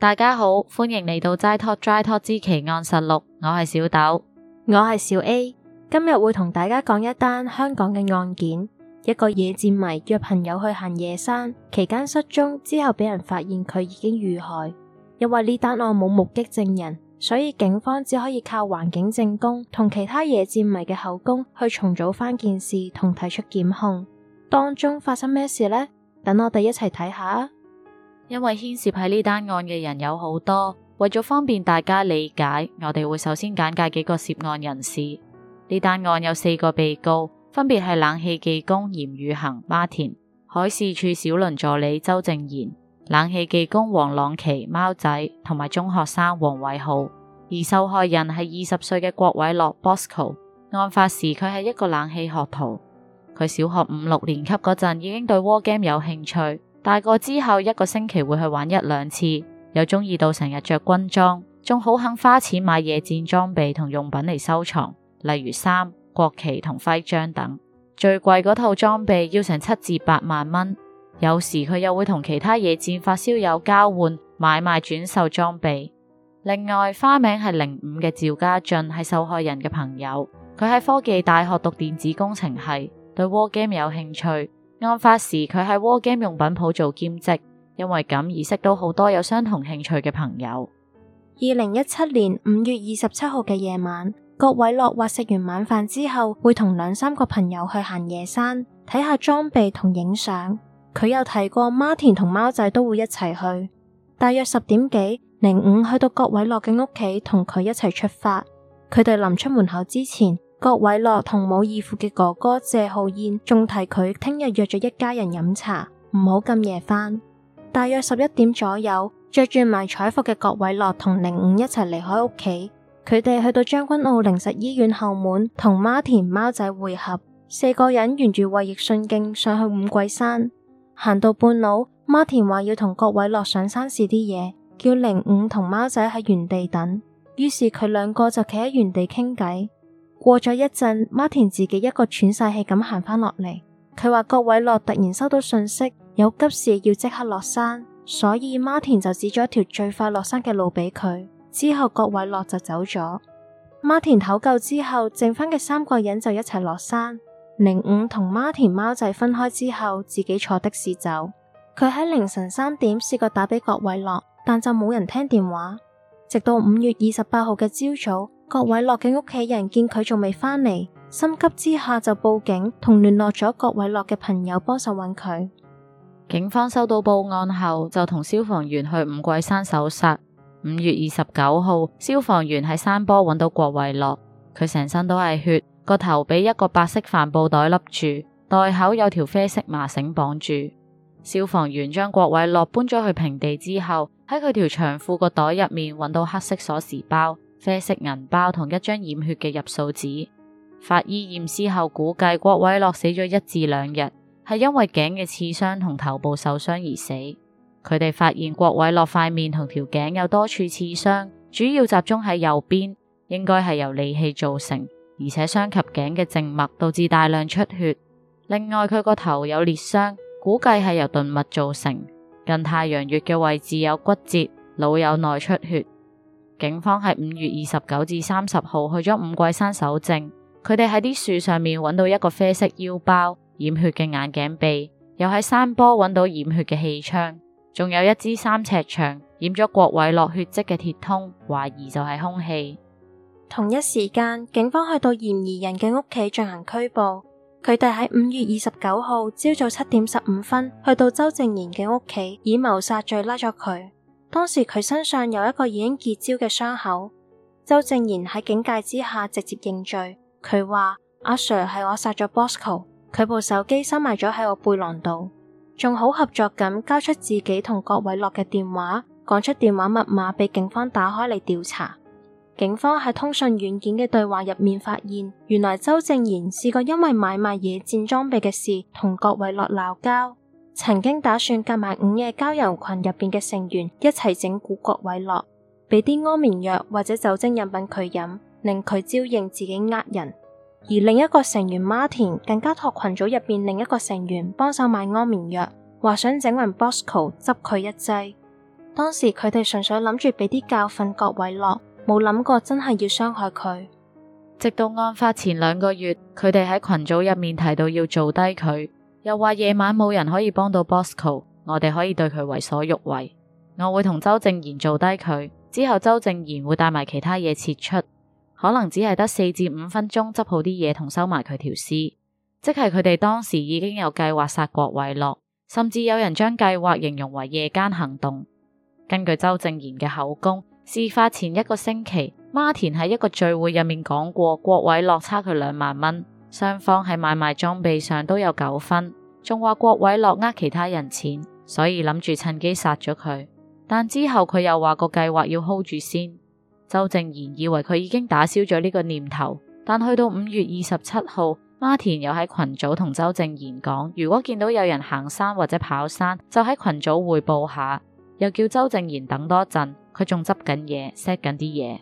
大家好，歡迎嚟到齋托齋托之奇案實錄，我係小豆，我係小 A，今日會同大家講一單香港嘅案件，一個野戰迷約朋友去行夜山，期間失蹤之後俾人發現佢已經遇害，因為呢單案冇目擊證人，所以警方只可以靠環境證供同其他野戰迷嘅口供去重組翻件事同提出檢控，當中發生咩事呢？等我哋一齊睇下。因為牽涉喺呢單案嘅人有好多，為咗方便大家理解，我哋會首先簡介幾個涉案人士。呢單案有四個被告，分別係冷氣技工嚴宇恒、孖田海事處小輪助理周正賢、冷氣技工黃朗琪、貓仔同埋中學生黃偉浩。而受害人係二十歲嘅郭偉樂 （Bosco）。案發時佢係一個冷氣學徒，佢小學五、六年級嗰陣已經對 War Game 有興趣。大個之後，一個星期會去玩一兩次，又中意到成日着軍裝，仲好肯花錢買野戰裝備同用品嚟收藏，例如衫、國旗同徽章等。最貴嗰套裝備要成七至八萬蚊，有時佢又會同其他野戰發燒友交換、買賣、轉售裝備。另外，花名係零五嘅趙家俊係受害人嘅朋友，佢喺科技大學讀電子工程系，對 war game 有興趣。案發時，佢喺 War Game 用品鋪做兼職，因為咁而識到好多有相同興趣嘅朋友。二零一七年五月二十七號嘅夜晚，郭葦諾話食完晚飯之後，會同兩三個朋友去行夜山，睇下裝備同影相。佢又提過，馬田同貓仔都會一齊去。大約十點幾零五，05，去到郭葦諾嘅屋企，同佢一齊出發。佢哋臨出門口之前。郭葦諾同母異父嘅哥哥謝浩燕仲提佢聽日約咗一家人飲茶，唔好咁夜返。大約十一點左右，着住埋彩服嘅郭葦諾同零五一齊離開屋企，佢哋去到將軍澳靈實醫院後門同 Martin 貓仔會合，四個人沿住衛奕信徑上去五桂山。行到半路，Martin 話要同郭葦諾上山試啲嘢，叫零五同貓仔喺原地等，於是佢兩個就企喺原地傾偈。過咗一陣，馬田自己一個喘晒氣咁行返落嚟。佢話郭葦諾突然收到信息，有急事要即刻落山，所以馬田就指咗一條最快落山嘅路俾佢。之後郭葦諾就走咗。馬田唞夠之後，剩翻嘅三個人就一齊落山。零五同馬田貓仔分開之後，自己坐的士走。佢喺凌晨三點試過打俾郭葦諾，但就冇人聽電話。直到五月二十八號嘅朝早。郭葦諾嘅屋企人見佢仲未翻嚟，心急之下就報警，同聯絡咗郭葦諾嘅朋友幫手揾佢。警方收到報案後，就同消防員去五桂山搜索。五月二十九號，消防員喺山坡揾到郭葦諾，佢成身都係血，個頭俾一個白色帆布袋笠住，袋口有條啡色麻繩綁住。消防員將郭葦諾搬咗去平地之後，喺佢條長褲個袋入面揾到黑色鎖匙包。啡色銀包同一張染血嘅入數紙，法醫驗屍後估計郭葦諾死咗一至兩日，係因為頸嘅刺傷同頭部受傷而死。佢哋發現郭葦諾塊面同條頸有多處刺傷，主要集中喺右邊，應該係由利器造成，而且傷及頸嘅靜脈，導致大量出血。另外佢個頭有裂傷，估計係由鈍物造成，近太陽穴嘅位置有骨折，腦有內出血。警方喺五月二十九至三十號去咗五桂山搜證，佢哋喺啲樹上面揾到一個啡色腰包、染血嘅眼鏡鼻，又喺山坡揾到染血嘅氣槍，仲有一支三尺長染咗郭葦諾血跡嘅鐵通，懷疑就係凶器。同一時間，警方去到嫌疑人嘅屋企進行拘捕，佢哋喺五月二十九號朝早七點十五分去到周正賢嘅屋企，以謀殺罪拉咗佢。當時佢身上有一個已經結焦嘅傷口，周正賢喺警戒之下直接認罪。佢話，阿 Sir 係我殺咗 Bosco，佢部手機收埋咗喺我背囊度，仲好合作咁交出自己同郭偉樂嘅電話，講出電話密碼俾警方打開嚟調查。警方喺通訊軟件嘅對話入面發現，原來周正賢試過因為買賣野戰裝備嘅事同郭偉樂鬧交。曾經打算夾埋午夜交友群入邊嘅成員一齊整蠱郭葦諾，俾啲安眠藥或者酒精飲品佢飲，令佢招認自己呃人。而另一個成員 Martin 更加託群組入邊另一個成員幫手買安眠藥，話想整暈 Bosco 執佢一劑。當時佢哋純粹諗住俾啲教訓郭葦諾，冇諗過真係要傷害佢。直到案發前兩個月，佢哋喺群組入面提到要做低佢。又話夜晚冇人可以幫到 Bosco，我哋可以對佢為所欲為。我會同周正賢做低佢，之後周正賢會帶埋其他嘢撤出，可能只係得四至五分鐘，執好啲嘢同收埋佢條屍。即係佢哋當時已經有計劃殺郭葦諾，甚至有人將計劃形容為夜間行動。根據周正賢嘅口供，事發前一個星期，孖田喺一個聚會入面講過國，郭葦諾差佢兩萬蚊，雙方喺買賣裝備上都有糾紛。仲話郭葦諾呃其他人錢，所以諗住趁機殺咗佢。但之後佢又話個計劃要 hold 住先。周正賢以為佢已經打消咗呢個念頭，但去到五月二十七號，馬田又喺群組同周正賢講，如果見到有人行山或者跑山，就喺群組匯報下。又叫周正賢等多陣，佢仲執緊嘢 set 緊啲嘢。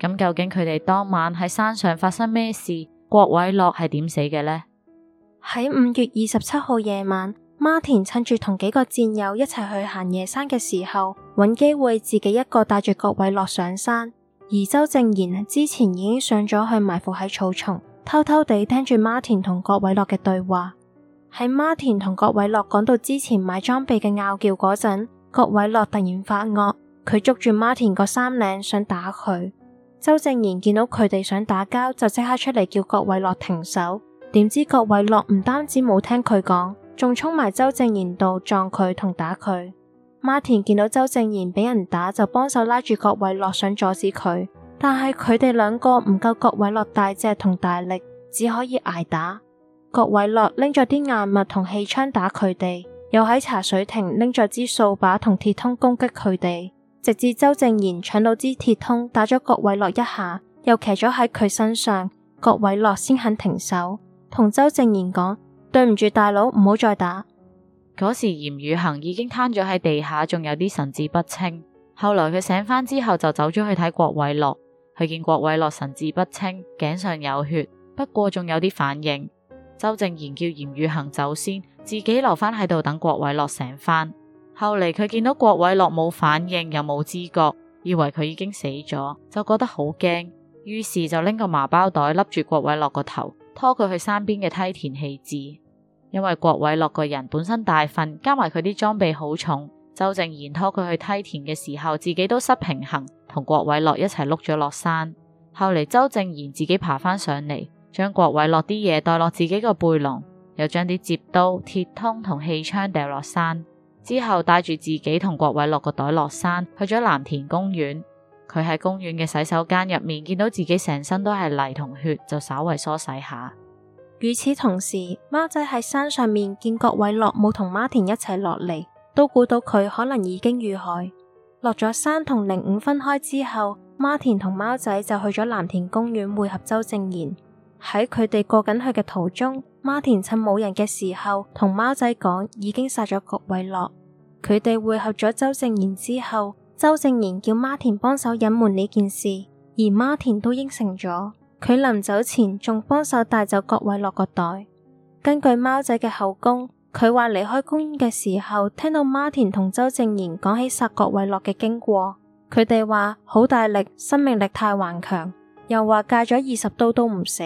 咁究竟佢哋當晚喺山上發生咩事？郭葦諾係點死嘅呢？喺五月二十七號夜晚，馬田趁住同幾個戰友一齊去行夜山嘅時候，揾機會自己一個帶住郭葦諾上山。而周正賢之前已經上咗去埋伏喺草叢，偷偷地聽住馬田同郭葦諾嘅對話。喺馬田同郭葦諾講到之前買裝備嘅拗撬嗰陣，郭葦諾突然發惡，佢捉住馬田個衫領想打佢。周正賢見到佢哋想打交，就即刻出嚟叫郭葦諾停手。點知郭葦諾唔單止冇聽佢講，仲衝埋周正賢度撞佢同打佢。馬田見到周正賢俾人打，就幫手拉住郭葦諾，想阻止佢。但係佢哋兩個唔夠郭葦諾大隻同大力，只可以挨打。郭葦諾拎咗啲硬物同氣槍打佢哋，又喺茶水亭拎咗支掃把同鐵通攻擊佢哋，直至周正賢搶到支鐵通打咗郭葦諾一下，又騎咗喺佢身上，郭葦諾先肯停手。同周正賢講對唔住大佬，唔好再打。嗰時嚴汝衡已經攤咗喺地下，仲有啲神志不清。後來佢醒返之後就走咗去睇郭葦諾。佢見郭葦諾神志不清，頸上有血，不過仲有啲反應。周正賢叫嚴汝衡走先，自己留翻喺度等郭葦諾醒返。後嚟佢見到郭葦諾冇反應又冇知覺，以為佢已經死咗，就覺得好驚，於是就拎個麻包袋笠住郭葦諾個頭拖佢去山邊嘅梯田棄置，因為郭偉樂個人本身大份，加埋佢啲裝備好重。周正賢拖佢去梯田嘅時候，自己都失平衡，同郭偉樂一齊碌咗落山。後嚟，周正賢自己爬翻上嚟，將郭偉樂啲嘢袋落自己個背囊，又將啲摺刀、鐵通同氣槍掉落山之後，帶住自己同郭偉樂個袋落山，去咗藍田公園。佢喺公園嘅洗手間入面，見到自己成身都係泥同血，就稍微梳洗下。與此同時，貓仔喺山上面見郭葦諾冇同馬田一齊落嚟，都估到佢可能已經遇害。落咗山同零五分開之後，馬田同貓仔就去咗藍田公園匯合周正賢。喺佢哋過緊去嘅途中，馬田趁冇人嘅時候同貓仔講已經殺咗郭葦諾。佢哋匯合咗周正賢之後，周正賢叫馬田幫手隱瞞呢件事，而馬田都應承咗。佢臨走前仲幫手帶走郭葦諾個袋。根據貓仔嘅口供，佢話離開公園嘅時候聽到馬田同周正賢講起殺郭葦諾嘅經過，佢哋話好大力，生命力太頑強，又話戒咗二十刀都唔死。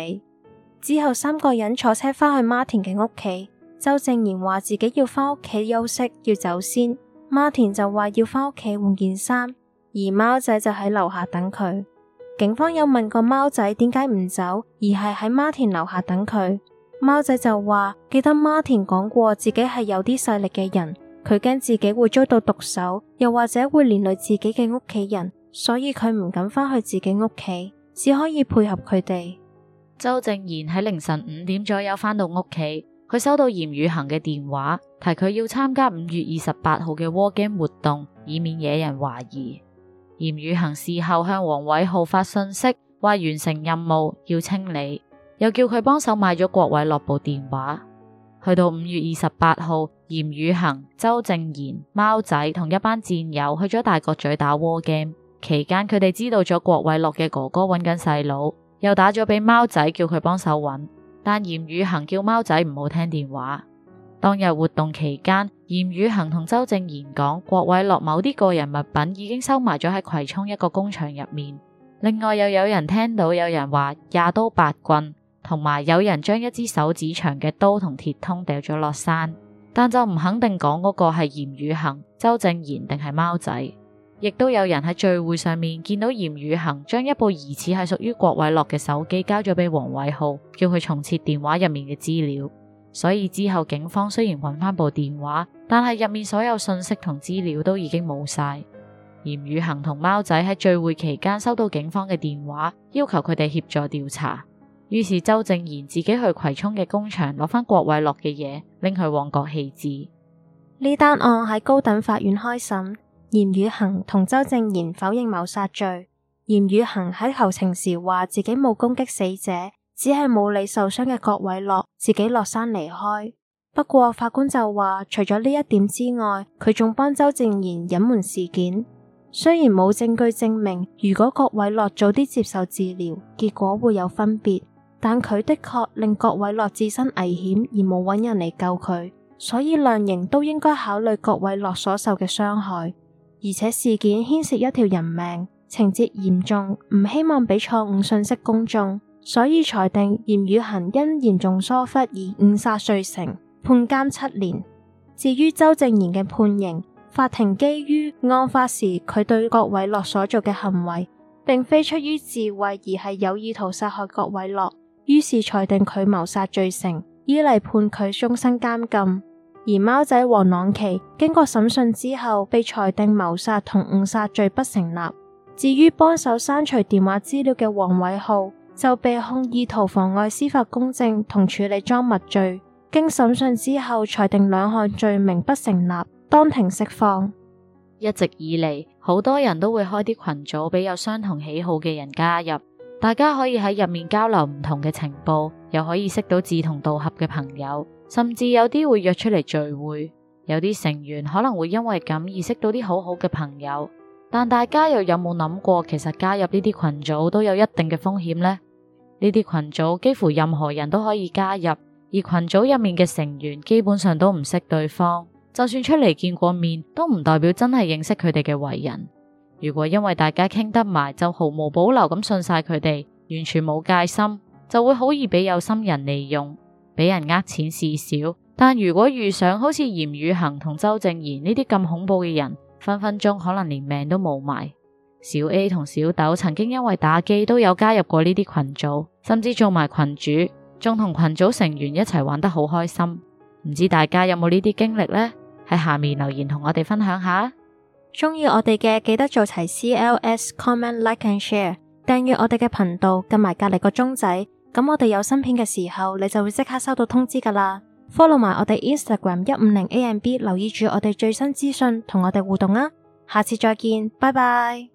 之後三個人坐車返去馬田嘅屋企，周正賢話自己要返屋企休息，要走先。馬田就話要返屋企換件衫，而貓仔就喺樓下等佢。警方有問過貓仔點解唔走，而係喺馬田樓下等佢。貓仔就話記得馬田講過自己係有啲勢力嘅人，佢驚自己會遭到毒手，又或者會連累自己嘅屋企人，所以佢唔敢返去自己屋企，只可以配合佢哋。周正賢喺凌晨五點左右返到屋企，佢收到嚴汝衡嘅電話。提佢要參加五月二十八號嘅窩 game 活動，以免惹人懷疑。嚴宇恒事後向黃偉浩發信息，話完成任務要清理，又叫佢幫手買咗郭偉落部電話。去到五月二十八號，嚴宇恒、周正賢、貓仔同一班戰友去咗大角咀打窩 game，期間佢哋知道咗郭偉落嘅哥哥揾緊細佬，又打咗畀貓仔叫佢幫手揾。但嚴宇恒叫貓仔唔好聽電話。當日活動期間，嚴汝衡同周正賢講，郭葦諾某啲個人物品已經收埋咗喺葵涌一個工場入面。另外又有人聽到有人話廿刀八棍，同埋有，有人將一支手指長嘅刀同鐵通掉咗落山，但就唔肯定講嗰個係嚴汝衡、周正賢定係貓仔。亦都有人喺聚會上面見到嚴汝衡將一部疑似係屬於郭葦諾嘅手機交咗俾黃偉浩，叫佢重設電話入面嘅資料。所以之後警方雖然揾翻部電話，但係入面所有信息同資料都已經冇晒。嚴汝衡同貓仔喺聚會期間收到警方嘅電話，要求佢哋協助調查。於是周正賢自己去葵涌嘅工場攞翻郭葦諾嘅嘢，拎去旺角棄置。呢單案喺高等法院開審，嚴汝衡同周正賢否認謀殺罪。嚴汝衡喺求情時話自己冇攻擊死者。只係冇理受傷嘅郭偉樂，自己落山離開。不過法官就話，除咗呢一點之外，佢仲幫周正賢隱瞞事件。雖然冇證據證明，如果郭偉樂早啲接受治療，結果會有分別，但佢的確令郭偉樂置身危險而冇揾人嚟救佢。所以量刑都應該考慮郭偉樂所受嘅傷害，而且事件牽涉一條人命，情節嚴重，唔希望俾錯誤信息公眾。所以裁定嚴汝衡因嚴重疏忽而誤殺罪成，判監七年。至於周正賢嘅判刑，法庭基於案發時佢對郭葦諾所做嘅行為，並非出於自衛而係有意圖殺害郭葦諾，於是裁定佢謀殺罪成，依例判佢終身監禁。而貓仔黃朗祺經過審訊之後，被裁定謀殺同誤殺罪不成立。至於幫手刪除電話資料嘅黃偉浩。就被控意圖妨礙司法公正同處理贓物罪，經審訊之後裁定兩項罪名不成立，當庭釋放。一直以嚟，好多人都會開啲群組俾有相同喜好嘅人加入，大家可以喺入面交流唔同嘅情報，又可以識到志同道合嘅朋友，甚至有啲會約出嚟聚會，有啲成員可能會因為咁而識到啲好好嘅朋友。但大家又有冇諗過，其實加入呢啲群組都有一定嘅風險咧？呢啲群組幾乎任何人都可以加入，而群組入面嘅成員基本上都唔識對方，就算出嚟見過面，都唔代表真係認識佢哋嘅為人。如果因為大家傾得埋，就毫無保留咁信晒佢哋，完全冇戒心，就會好易俾有心人利用，俾人呃錢事小。但如果遇上好似嚴汝衡同周正賢呢啲咁恐怖嘅人，分分鐘可能連命都冇埋。小 A 同小豆曾經因為打機都有加入過呢啲群組，甚至做埋群主，仲同群組成員一齊玩得好開心。唔知大家有冇呢啲經歷呢？喺下面留言同我哋分享下。鍾意我哋嘅記得做齊 CLS comment like and share，訂閱我哋嘅頻道，撳埋隔籬個鐘仔，咁我哋有新片嘅時候，你就會即刻收到通知㗎喇。Follow 埋我哋 Instagram 一五零 AMB，留意住我哋最新資訊，同我哋互動啊！下次再見，拜拜。